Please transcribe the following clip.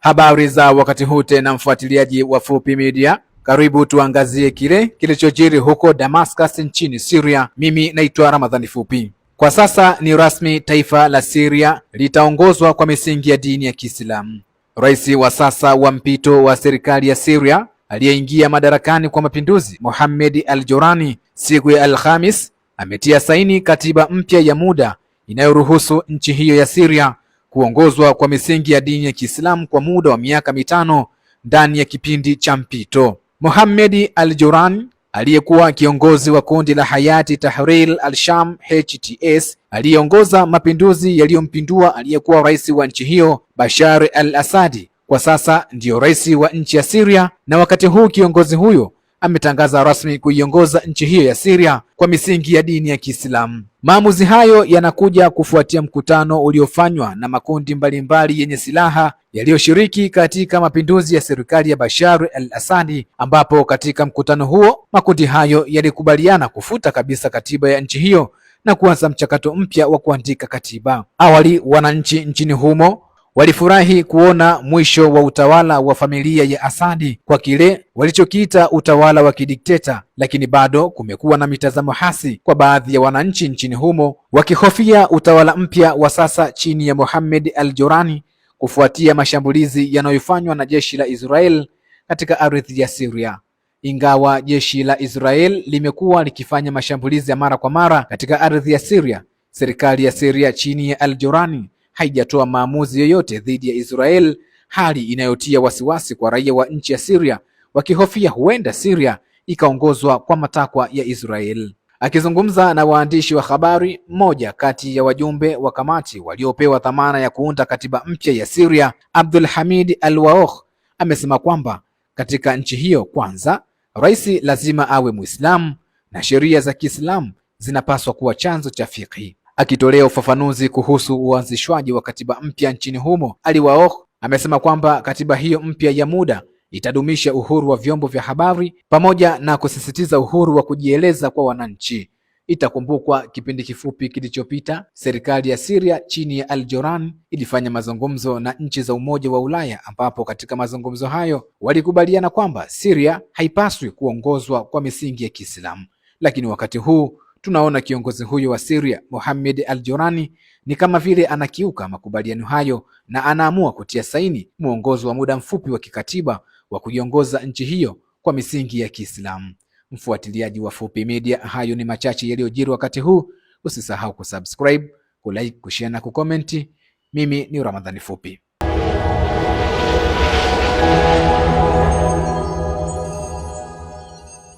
Habari za wakati huu tena, mfuatiliaji wa Fupi Media, karibu tuangazie kile kilichojiri huko Damascus nchini Syria. Mimi naitwa Ramadhani Fupi. Kwa sasa ni rasmi, taifa la Syria litaongozwa kwa misingi ya dini ya Kiislamu. Rais wa sasa wa mpito wa serikali ya Syria aliyeingia madarakani kwa mapinduzi Mohamed al-Jorani siku ya Alhamis ametia saini katiba mpya ya muda inayoruhusu nchi hiyo ya Syria kuongozwa kwa misingi ya dini ya Kiislamu kwa muda wa miaka mitano ndani ya kipindi cha mpito. Mohamed Al-Joran aliyekuwa kiongozi wa kundi la Hayati Tahrir al-Sham HTS aliyeongoza mapinduzi yaliyompindua aliyekuwa rais wa nchi hiyo Bashar al-Assad, kwa sasa ndiyo rais wa nchi ya Syria, na wakati huu kiongozi huyo ametangaza rasmi kuiongoza nchi hiyo ya Syria kwa misingi ya dini ya Kiislamu. Maamuzi hayo yanakuja kufuatia mkutano uliofanywa na makundi mbalimbali yenye silaha yaliyoshiriki katika mapinduzi ya serikali ya Bashar al-Assad, ambapo katika mkutano huo makundi hayo yalikubaliana kufuta kabisa katiba ya nchi hiyo na kuanza mchakato mpya wa kuandika katiba. Awali wananchi nchini humo walifurahi kuona mwisho wa utawala wa familia ya Asadi kwa kile walichokiita utawala wa kidikteta, lakini bado kumekuwa na mitazamo hasi kwa baadhi ya wananchi nchini humo wakihofia utawala mpya wa sasa chini ya Mohamed al-Jorani kufuatia mashambulizi yanayofanywa na jeshi la Israel katika ardhi ya Syria. Ingawa jeshi la Israel limekuwa likifanya mashambulizi ya mara kwa mara katika ardhi ya Syria, serikali ya Syria chini ya al-Jorani haijatoa maamuzi yoyote dhidi ya Israel, hali inayotia wasiwasi kwa raia wa nchi ya Syria wakihofia huenda Syria ikaongozwa kwa matakwa ya Israel. Akizungumza na waandishi wa habari, mmoja kati ya wajumbe wa kamati waliopewa dhamana ya kuunda katiba mpya ya Syria, Abdul Hamid al waoh amesema kwamba katika nchi hiyo, kwanza, rais lazima awe Muislamu na sheria za Kiislamu zinapaswa kuwa chanzo cha fikhi. Akitolea ufafanuzi kuhusu uanzishwaji wa katiba mpya nchini humo, Ali Waoh amesema kwamba katiba hiyo mpya ya muda itadumisha uhuru wa vyombo vya habari pamoja na kusisitiza uhuru wa kujieleza kwa wananchi. Itakumbukwa kipindi kifupi kilichopita, serikali ya Syria chini ya Al Joran ilifanya mazungumzo na nchi za Umoja wa Ulaya, ambapo katika mazungumzo hayo walikubaliana kwamba Syria haipaswi kuongozwa kwa misingi ya Kiislamu, lakini wakati huu Tunaona kiongozi huyo wa Syria Mohamed al-Jorani ni kama vile anakiuka makubaliano hayo na anaamua kutia saini mwongozo wa muda mfupi wa kikatiba wa kuiongoza nchi hiyo kwa misingi ya Kiislamu. Mfuatiliaji wa Fupi Media, hayo ni machache yaliyojiri wakati huu. Usisahau kusubscribe, kulike, kushare na kukomenti. Mimi ni Ramadhani Fupi.